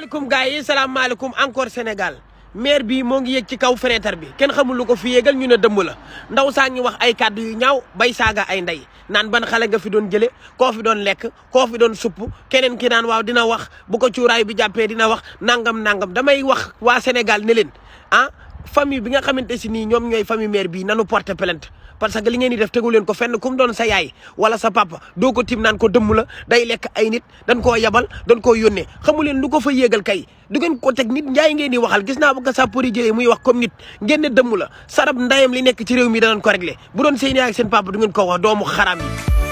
salaamaaleykum gaa yi salaamaaleykum encore Sénégal maire bi moo ngi yëg ci kaw fenêtre bi kenn xamul lu ko fi yéegal ñu ne dëmb la ndaw saa ngi wax ay kàddu yu ñaaw bay saaga ay ndey naan ban xale nga fi doon jële koo fi doon lekk koo fi doon supp keneen ki naan waaw dina wax bu ko cuuraay bi jàppee dina wax nangam nangam damay wax waa Sénégal ne leen ah famille bi nga xamante si nii ñoom ñooy famille maire bi nanu porter plainte parce que li ngeen di def tegu leen ko fenn ku mu doon sa yaay wala sa papa doo ko tim naan ko dëmm la day lekk ay nit dañ koo yabal dañ ko yónnee xamu leen lu ko fa yéegal kay du ngeen ko teg nit njaay ngeen di waxal gis naa bu ko sapori jëlee muy wax comme nit ngeen ne dëmm la sarab ndayam li nekk ci réew mi danañ ko réglé bu doon seen yaay seen papa du ngeen ko wax doomu xaram yi